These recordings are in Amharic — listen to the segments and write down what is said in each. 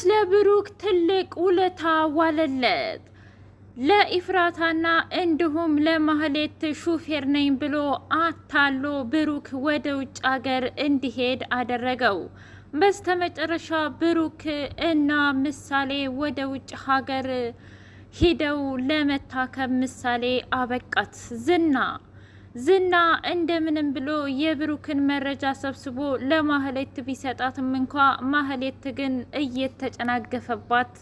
ቅዱስ ለብሩክ ትልቅ ውለታ ዋለለት። ለኢፍራታና እንዲሁም ለማህሌት ሹፌር ነኝ ብሎ አታሎ ብሩክ ወደ ውጭ ሀገር እንዲሄድ አደረገው። በስተመጨረሻ ብሩክ እና ምሳሌ ወደ ውጭ ሀገር ሂደው ለመታከም ምሳሌ አበቃት ዝና ዝና እንደምንም ብሎ የብሩክን መረጃ ሰብስቦ ለማህሌት ቢሰጣትም እንኳ ማህሌት ግን እየተጨናገፈባት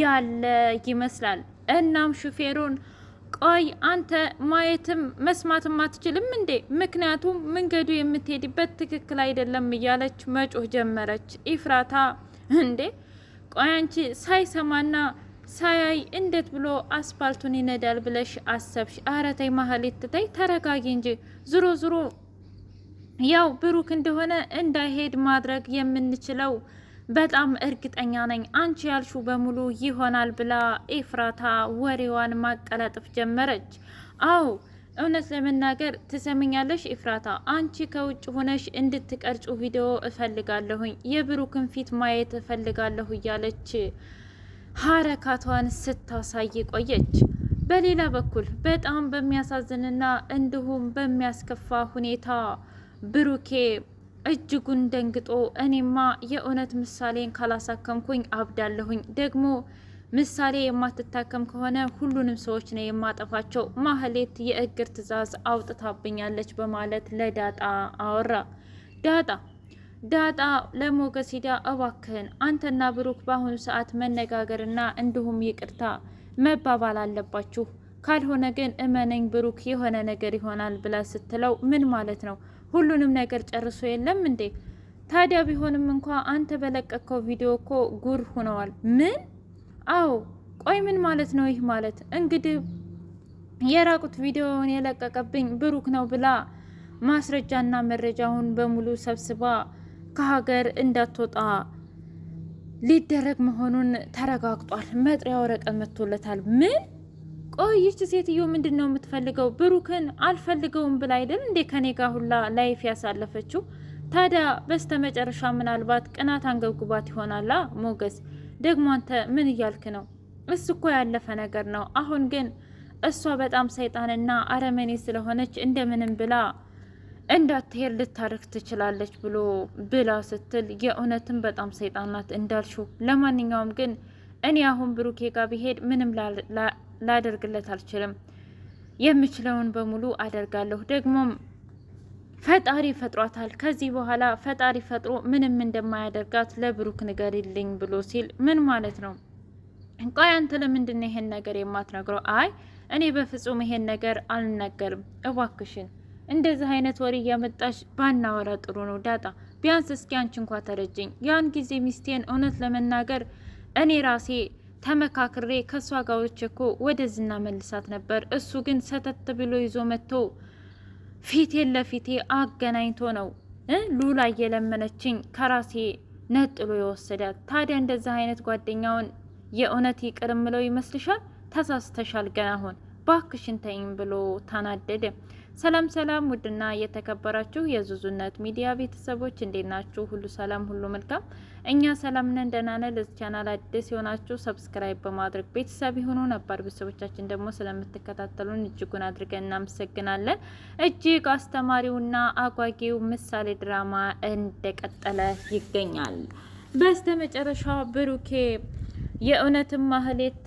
ያለ ይመስላል። እናም ሹፌሩን ቆይ አንተ ማየትም መስማትም አትችልም እንዴ? ምክንያቱም መንገዱ የምትሄድበት ትክክል አይደለም እያለች መጮህ ጀመረች። ኢፍራታ እንዴ ቆይ አንቺ ሳይሰማና ሳያይ እንዴት ብሎ አስፓልቱን ይነዳል ብለሽ አሰብሽ? ኧረ ተይ ማህሌት ተይ ተረጋጊ እንጂ። ዝሮ ዝሮ ያው ብሩክ እንደሆነ እንዳይሄድ ማድረግ የምንችለው በጣም እርግጠኛ ነኝ። አንቺ ያልሹ በሙሉ ይሆናል ብላ ኤፍራታ ወሬዋን ማቀላጠፍ ጀመረች። አዎ እውነት ለመናገር ትሰምኛለሽ ኤፍራታ፣ አንቺ ከውጭ ሆነሽ እንድትቀርጩ ቪዲዮ እፈልጋለሁኝ፣ የብሩክን ፊት ማየት እፈልጋለሁ እያለች ሀረካቷን ስታሳይ ቆየች። በሌላ በኩል በጣም በሚያሳዝንና እንዲሁም በሚያስከፋ ሁኔታ ብሩኬ እጅጉን ደንግጦ እኔማ የእውነት ምሳሌን ካላሳከምኩኝ አብዳለሁኝ፣ ደግሞ ምሳሌ የማትታከም ከሆነ ሁሉንም ሰዎች ነው የማጠፋቸው፣ ማህሌት የእግር ትዕዛዝ አውጥታብኛለች በማለት ለዳጣ አወራ። ዳጣ ዳጣ ለሞገስ ሂዳ እባክህን አንተና ብሩክ በአሁኑ ሰዓት መነጋገርና እንዲሁም ይቅርታ መባባል አለባችሁ፣ ካልሆነ ግን እመነኝ ብሩክ የሆነ ነገር ይሆናል ብላ ስትለው ምን ማለት ነው? ሁሉንም ነገር ጨርሶ የለም እንዴ? ታዲያ ቢሆንም እንኳ አንተ በለቀቀው ቪዲዮ እኮ ጉር ሁነዋል። ምን? አዎ። ቆይ ምን ማለት ነው ይህ? ማለት እንግዲህ የራቁት ቪዲዮውን የለቀቀብኝ ብሩክ ነው ብላ ማስረጃና መረጃውን በሙሉ ሰብስባ ከሀገር እንዳትወጣ ሊደረግ መሆኑን ተረጋግጧል። መጥሪያ ወረቀት መጥቶለታል። ምን ቆይች ሴትዮ ምንድን ነው የምትፈልገው? ብሩክን አልፈልገውም ብላ አይደል እንዴ ከኔ ሁላ ላይፍ ያሳለፈችው? ታዲያ በስተ መጨረሻ ምናልባት ቅናት አንገብግባት ይሆናላ። ሞገስ ደግሞ አንተ ምን እያልክ ነው? እሱ እኮ ያለፈ ነገር ነው። አሁን ግን እሷ በጣም ሰይጣንና አረመኔ ስለሆነች እንደምንም ብላ እንዳትሄድ ልታርክ ትችላለች ብሎ ብላ ስትል የእውነትም በጣም ሰይጣን ናት ለማንኛውም ግን እኔ አሁን ብሩኬ ጋር ብሄድ ምንም ላደርግለት አልችልም። የምችለውን በሙሉ አደርጋለሁ። ደግሞም ፈጣሪ ፈጥሯታል። ከዚህ በኋላ ፈጣሪ ፈጥሮ ምንም እንደማያደርጋት ለብሩክ ንገሪልኝ ብሎ ሲል ምን ማለት ነው? ቆይ አንተ ለምንድን ይሄን ነገር የማትነግረው? አይ እኔ በፍጹም ይሄን ነገር አልነገርም፣ እባክሽን እንደዚህ አይነት ወሬ እያመጣሽ ባናወራ ጥሩ ነው ዳጣ። ቢያንስ እስኪ አንቺ እንኳ ተረጅኝ። ያን ጊዜ ሚስቴን እውነት ለመናገር እኔ ራሴ ተመካክሬ ከእሷ ጋሮች እኮ ወደዝና መልሳት ነበር። እሱ ግን ሰተት ብሎ ይዞ መጥቶ ፊቴን ለፊቴ አገናኝቶ ነው ሉላ እየለመነችኝ ከራሴ ነጥሎ የወሰዳት። ታዲያ እንደዚህ አይነት ጓደኛውን የእውነት ይቅር እምለው ይመስልሻል? ተሳስተሻል። ገና አሁን ባክሽን ተይኝ ብሎ ተናደደ። ሰላም ሰላም፣ ውድና የተከበራችሁ የዙዙነት ሚዲያ ቤተሰቦች እንዴት ናችሁ? ሁሉ ሰላም፣ ሁሉ መልካም። እኛ ሰላም ነን፣ ደህና ነን። ለዚህ ቻናል አዲስ የሆናችሁ ሰብስክራይብ በማድረግ ቤተሰብ የሆኑ ነባር ቤተሰቦቻችን ደግሞ ስለምትከታተሉን እጅጉን አድርገን እናመሰግናለን። እጅግ አስተማሪውና አጓጊው ምሳሌ ድራማ እንደቀጠለ ይገኛል። በስተ መጨረሻ ብሩኬ የእውነትም ማህሌት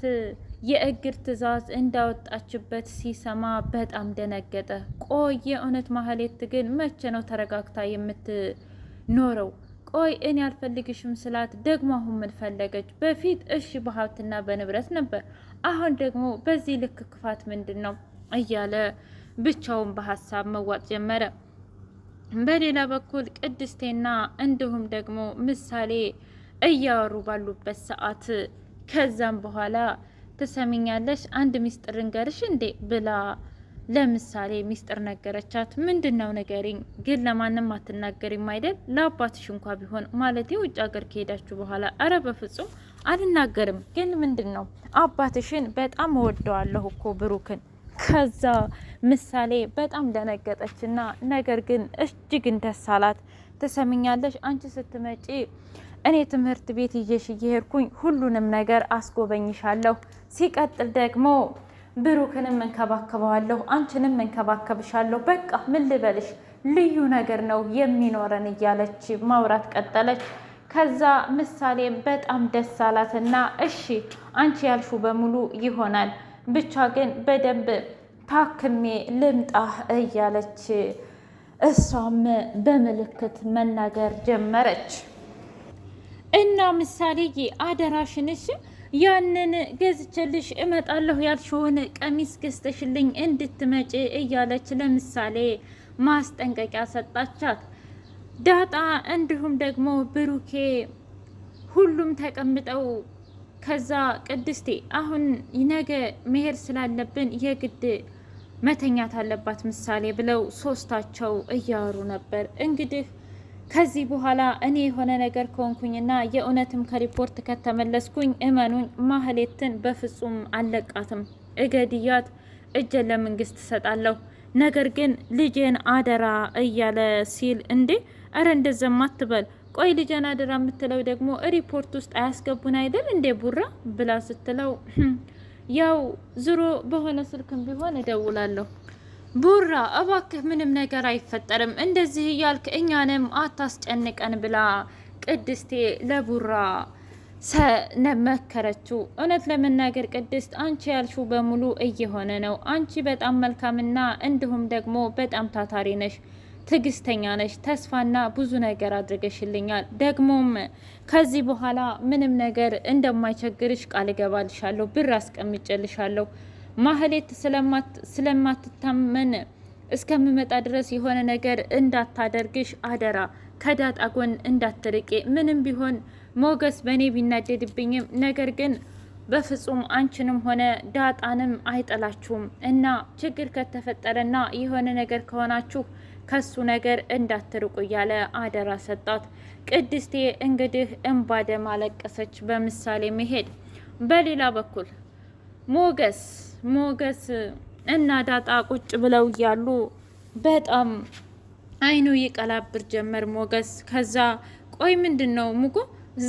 የእግድ ትዕዛዝ እንዳወጣችበት ሲሰማ በጣም ደነገጠ። ቆይ የእውነት ማህሌት ግን መቼ ነው ተረጋግታ የምትኖረው? ቆይ እኔ አልፈልግሽም ስላት ደግሞ አሁን ምን ፈለገች? በፊት እሺ በሀብትና በንብረት ነበር፣ አሁን ደግሞ በዚህ ልክ ክፋት ምንድን ነው እያለ ብቻውን በሀሳብ መዋጥ ጀመረ። በሌላ በኩል ቅድስቴና እንዲሁም ደግሞ ምሳሌ እያወሩ ባሉበት ሰዓት ከዛም በኋላ ትሰሚኛለሽ፣ አንድ ሚስጥር እንገርሽ እንዴ ብላ ለምሳሌ ሚስጥር ነገረቻት። ምንድን ነው ንገሪኝ፣ ግን ለማንም አትናገሪም አይደል? ለአባትሽ እንኳ ቢሆን ማለቴ ውጭ ሀገር ከሄዳችሁ በኋላ። አረ በፍጹም አልናገርም። ግን ምንድን ነው አባትሽን በጣም እወደዋለሁ እኮ ብሩክን። ከዛ ምሳሌ በጣም ደነገጠችና ነገር ግን እጅግ እንደሳላት ትሰምኛለሽ፣ አንቺ ስትመጪ እኔ ትምህርት ቤት ይዤሽ እየሄድኩኝ ሁሉንም ነገር አስጎበኝሻለሁ። ሲቀጥል ደግሞ ብሩክንም እንከባከበዋለሁ፣ አንቺንም እንከባከብሻለሁ። በቃ ምን ልበልሽ ልዩ ነገር ነው የሚኖረን እያለች ማውራት ቀጠለች። ከዛ ምሳሌ በጣም ደስ አላትና እሺ አንቺ ያልሹ በሙሉ ይሆናል፣ ብቻ ግን በደንብ ታክሜ ልምጣ እያለች እሷም በምልክት መናገር ጀመረች። እና ምሳሌ አደራሽንሽ ያንን ገዝቼልሽ እመጣለሁ ያልሽውን ቀሚስ ገዝተሽልኝ እንድትመጪ እያለች ለምሳሌ ማስጠንቀቂያ ሰጣቻት። ዳጣ እንዲሁም ደግሞ ብሩኬ ሁሉም ተቀምጠው ከዛ ቅድስቴ አሁን ነገ መሄድ ስላለብን የግድ መተኛት አለባት ምሳሌ ብለው ሶስታቸው እያወሩ ነበር እንግዲህ ከዚህ በኋላ እኔ የሆነ ነገር ከሆንኩኝና የእውነትም ከሪፖርት ከተመለስኩኝ እመኑኝ ማህሌትን በፍጹም አለቃትም፣ እገድያት እጄን ለመንግስት እሰጣለሁ። ነገር ግን ልጄን አደራ እያለ ሲል እንዴ፣ እረ እንደዛም አትበል። ቆይ ልጄን አደራ የምትለው ደግሞ ሪፖርት ውስጥ አያስገቡን አይደል እንዴ ቡራ ብላ ስትለው፣ ያው ዝሮ በሆነ ስልክም ቢሆን እደውላለሁ ቡራ እባክህ ምንም ነገር አይፈጠርም፣ እንደዚህ እያልክ እኛንም አታስጨንቀን ብላ ቅድስቴ ለቡራ ሰነመከረችው እውነት ለመናገር ቅድስት አንቺ ያልሽው በሙሉ እየሆነ ነው። አንቺ በጣም መልካምና እንዲሁም ደግሞ በጣም ታታሪ ነሽ፣ ትዕግስተኛ ነሽ። ተስፋና ብዙ ነገር አድርገሽልኛል። ደግሞም ከዚህ በኋላ ምንም ነገር እንደማይቸግርሽ ቃል እገባልሻለሁ፣ ብር አስቀምጨልሻለሁ። ማህሌት ስለማትታመን እስከምመጣ ድረስ የሆነ ነገር እንዳታደርግሽ አደራ፣ ከዳጣ ጎን እንዳትርቄ። ምንም ቢሆን ሞገስ በእኔ ቢናደድብኝም ነገር ግን በፍጹም አንቺንም ሆነ ዳጣንም አይጠላችሁም እና ችግር ከተፈጠረና የሆነ ነገር ከሆናችሁ ከሱ ነገር እንዳትርቁ እያለ አደራ ሰጣት። ቅድስቴ እንግዲህ እንባ ደም አለቀሰች። በምሳሌ መሄድ በሌላ በኩል ሞገስ ሞገስ እና ዳጣ ቁጭ ብለው እያሉ በጣም አይኑ ይቀላብር ጀመር ሞገስ። ከዛ ቆይ ምንድን ነው ሙጎ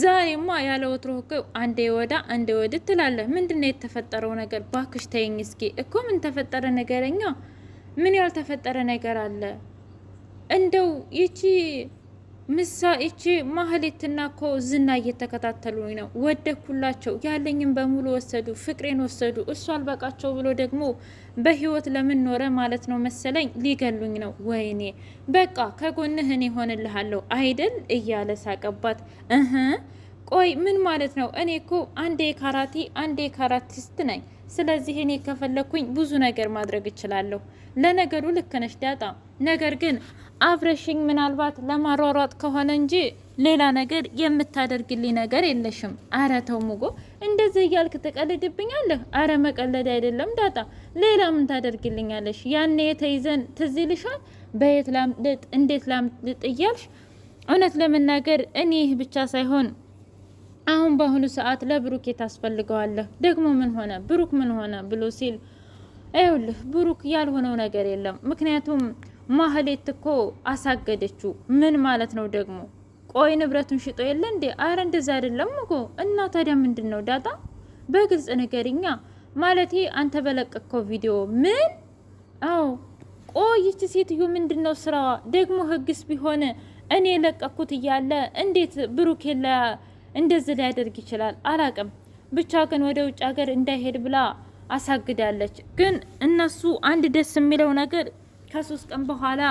ዛሬማ ያለ ወትሮ እኮ አንዴ ወዳ አንዴ ወድ ትላለህ። ምንድን ነው የተፈጠረው ነገር? ባክሽ ተይኝ እስኪ። እኮ ምን ተፈጠረ ነገረኛ? ምን ያልተፈጠረ ነገር አለ? እንደው ይቺ ምሳ እቺ ማህሌትና ኮ ዝና እየተከታተሉ ነው። ወደኩላቸው ያለኝም በሙሉ ወሰዱ፣ ፍቅሬን ወሰዱ። እሱ አልበቃቸው ብሎ ደግሞ በህይወት ለምን ኖረ ማለት ነው መሰለኝ። ሊገሉኝ ነው። ወይኔ በቃ ከጎንህ እኔ ሆንልሃለሁ አይደል እያለ ሳቀባት። እህ ቆይ ምን ማለት ነው? እኔ ኮ አንዴ ካራቲ አንዴ ካራቲስት ነኝ ስለዚህ እኔ ከፈለግኩኝ ብዙ ነገር ማድረግ እችላለሁ። ለነገሩ ልክ ነሽ ዳጣ። ነገር ግን አብረሽኝ ምናልባት ለማሯሯጥ ከሆነ እንጂ ሌላ ነገር የምታደርግልኝ ነገር የለሽም። አረ ተው ሙጎ፣ እንደዚህ እያልክ ትቀልድብኛለህ። አረ መቀለድ አይደለም ዳጣ፣ ሌላ ምን ታደርግልኛለሽ? ያኔ የተይዘን ትዝ ይልሻል። በየት ላምልጥ፣ እንዴት ላምልጥ እያልሽ እውነት ለመናገር እኔ ይህ ብቻ ሳይሆን አሁን በአሁኑ ሰዓት ለብሩክ ታስፈልገዋለህ። ደግሞ ምን ሆነ ብሩክ ምን ሆነ ብሎ ሲል ይኸውልህ ብሩክ ያልሆነው ነገር የለም። ምክንያቱም ማህሌት እኮ አሳገደችው። ምን ማለት ነው ደግሞ? ቆይ ንብረቱን ሽጦ የለ እንዴ? አረ እንደዛ አይደለም እኮ። እና ታዲያ ምንድን ነው ዳጣ? በግልጽ ነገርኛ ማለቴ አንተ በለቀቅከው ቪዲዮ ምን? አዎ ቆይች ሴትዮ ምንድን ነው ስራዋ ደግሞ? ህግስ ቢሆን እኔ የለቀኩት እያለ እንዴት ብሩክ የለ እንደዚህ ሊያደርግ ይችላል አላቅም። ብቻ ግን ወደ ውጭ ሀገር እንዳይሄድ ብላ አሳግዳለች። ግን እነሱ አንድ ደስ የሚለው ነገር ከሶስት ቀን በኋላ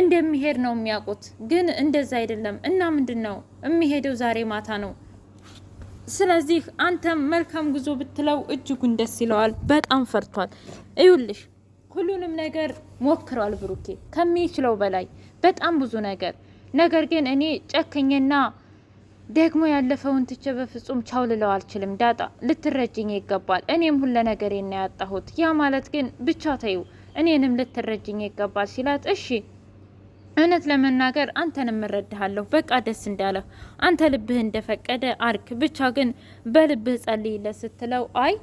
እንደሚሄድ ነው የሚያውቁት። ግን እንደዛ አይደለም እና ምንድን ነው የሚሄደው ዛሬ ማታ ነው። ስለዚህ አንተም መልካም ጉዞ ብትለው እጅጉን ደስ ይለዋል። በጣም ፈርቷል። እዩልሽ ሁሉንም ነገር ሞክሯል። ብሩኬ ከሚችለው በላይ በጣም ብዙ ነገር ነገር ግን እኔ ጨክኝና ደግሞ ያለፈውን ትቼ በፍጹም ቻው ልለው አልችልም። ዳጣ ልትረጅኝ ይገባል። እኔም ሁለ ነገር ና ያጣሁት ያ ማለት ግን ብቻ ተዩ እኔንም ልትረጅኝ ይገባል ሲላት፣ እሺ እውነት ለመናገር አንተንም እረድሃለሁ። በቃ ደስ እንዳለህ አንተ ልብህ እንደፈቀደ አርክ፣ ብቻ ግን በልብህ ጸልይለት ስትለው፣ አይ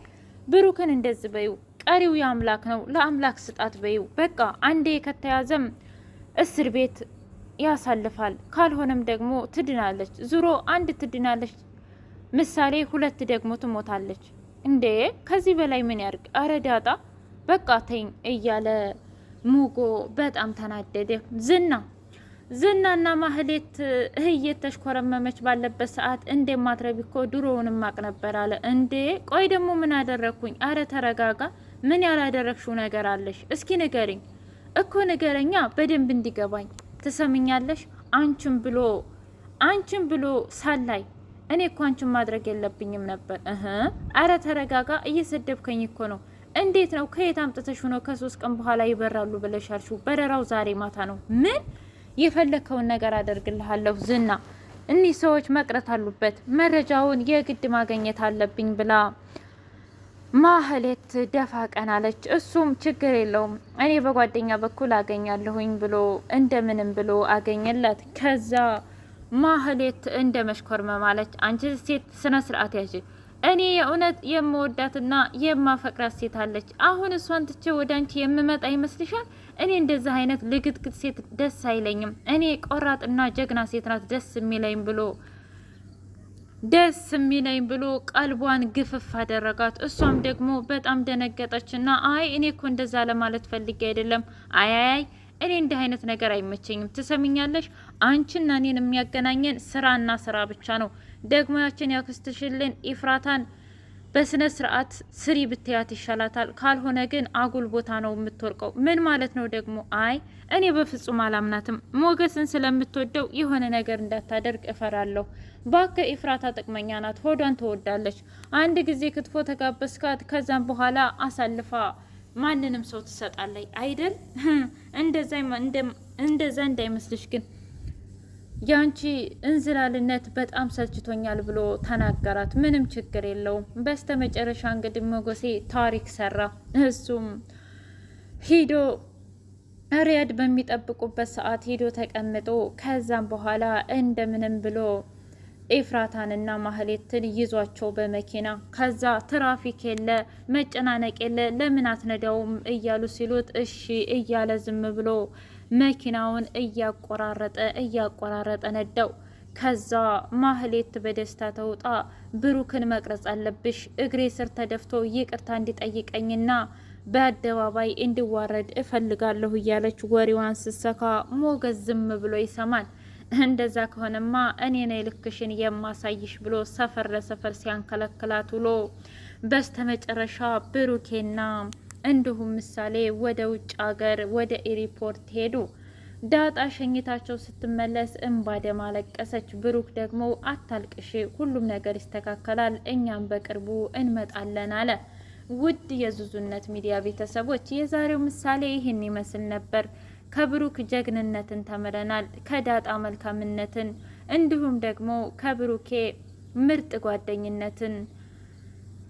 ብሩክን እንደዝ በዩ ቀሪው የአምላክ ነው ለአምላክ ስጣት በዩ በቃ አንዴ ከተያዘም እስር ቤት ያሳልፋል። ካልሆነም ደግሞ ትድናለች። ዙሮ አንድ ትድናለች፣ ምሳሌ ሁለት ደግሞ ትሞታለች። እንዴ ከዚህ በላይ ምን ያርግ? አረ ዳጣ በቃ ተኝ እያለ ሙጎ በጣም ተናደደ። ዝና ዝናና ማህሌት እህየት ተሽኮረመመች ባለበት ሰዓት ማትረብ እኮ ድሮውንም ማቅ ነበር አለ። እንዴ ቆይ ደግሞ ምን አደረግኩኝ? አረ ተረጋጋ። ምን ያላደረግሽው ነገር አለሽ? እስኪ ንገርኝ እኮ ንገረኛ፣ በደንብ እንዲገባኝ ትሰምኛለሽ? አንቺን ብሎ አንቺን ብሎ ሳላይ እኔ እኮ አንቺን ማድረግ የለብኝም ነበር። እህ አረ ተረጋጋ፣ እየሰደብከኝ እኮ ነው። እንዴት ነው ከየት አምጥተሽ ነው ከሶስት ቀን በኋላ ይበራሉ ብለሽ ያልሽው? በረራው ዛሬ ማታ ነው። ምን የፈለከውን ነገር አደርግልሃለሁ ዝና። እኒህ ሰዎች መቅረት አሉበት፣ መረጃውን የግድ ማገኘት አለብኝ ብላ ማህሌት ደፋ ቀናለች። እሱም ችግር የለውም እኔ በጓደኛ በኩል አገኛለሁኝ ብሎ እንደምንም ብሎ አገኘላት። ከዛ ማህሌት እንደ መሽኮርመም አለች። አንቺ ሴት ስነ ስርዓት ያዥ። እኔ የእውነት የምወዳትና የማፈቅራት ሴት አለች። አሁን እሷን ትቼ ወደ አንቺ የምመጣ ይመስልሻል? እኔ እንደዚህ አይነት ልግጥግጥ ሴት ደስ አይለኝም። እኔ ቆራጥና ጀግና ሴት ናት ደስ የሚለኝ ብሎ ደስ የሚለኝ ብሎ ቀልቧን ግፍፍ አደረጋት። እሷም ደግሞ በጣም ደነገጠችና አይ እኔ እኮ እንደዛ ለማለት ፈልጌ አይደለም። አያያይ እኔ እንዲህ አይነት ነገር አይመቸኝም። ትሰሚኛለሽ? አንቺና እኔን የሚያገናኘን ስራና ስራ ብቻ ነው። ደግሞ ያችን ያክስትሽልን ኢፍራታን በስነ ስርዓት ስሪ ብትያት ይሻላታል። ካልሆነ ግን አጉል ቦታ ነው የምትወርቀው። ምን ማለት ነው ደግሞ? አይ እኔ በፍጹም አላምናትም። ሞገስን ስለምትወደው የሆነ ነገር እንዳታደርግ እፈራለሁ። ባከ ኤፍራታ ጥቅመኛ ናት፣ ሆዷን ትወዳለች። አንድ ጊዜ ክትፎ ተጋበስካት ከዛም በኋላ አሳልፋ ማንንም ሰው ትሰጣለች አይደል? እንደዛ እንዳይመስልሽ ግን ያንቺ እንዝላልነት በጣም ሰልችቶኛል ብሎ ተናገራት። ምንም ችግር የለውም። በስተ መጨረሻ እንግዲህ ሞገሴ ታሪክ ሰራ። እሱም ሂዶ ሪያድ በሚጠብቁበት ሰዓት ሂዶ ተቀምጦ ከዛም በኋላ እንደምንም ብሎ ኤፍራታንና ማህሌትን ይዟቸው በመኪና ከዛ ትራፊክ የለ መጨናነቅ የለ ለምን አትነዳውም እያሉ ሲሉት እሺ እያለ ዝም ብሎ መኪናውን እያቆራረጠ እያቆራረጠ ነዳው። ከዛ ማህሌት በደስታ ተውጣ ብሩክን መቅረጽ አለብሽ፣ እግሬ ስር ተደፍቶ ይቅርታ እንዲጠይቀኝና በአደባባይ እንዲዋረድ እፈልጋለሁ እያለች ወሬዋን ስሰካ ሞገስ ዝም ብሎ ይሰማል። እንደዛ ከሆነማ እኔ ነኝ ልክሽን የማሳይሽ ብሎ ሰፈር ለሰፈር ሲያንከለክላት ውሎ በስተመጨረሻ ብሩኬና እንዲሁም ምሳሌ ወደ ውጭ ሀገር ወደ ኤሪፖርት ሄዱ። ዳጣ ሸኝታቸው ስትመለስ እንባ ደም አለቀሰች። ብሩክ ደግሞ አታልቅሽ፣ ሁሉም ነገር ይስተካከላል፣ እኛም በቅርቡ እንመጣለን አለ። ውድ የዙዙነት ሚዲያ ቤተሰቦች የዛሬው ምሳሌ ይህን ይመስል ነበር። ከብሩክ ጀግንነትን ተምረናል፣ ከዳጣ መልካምነትን፣ እንዲሁም ደግሞ ከብሩኬ ምርጥ ጓደኝነትን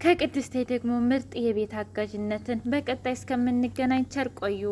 ከቅድስቴ ደግሞ ምርጥ የቤት አጋዥነትን በቀጣይ እስከምንገናኝ ቸር ቆዩ።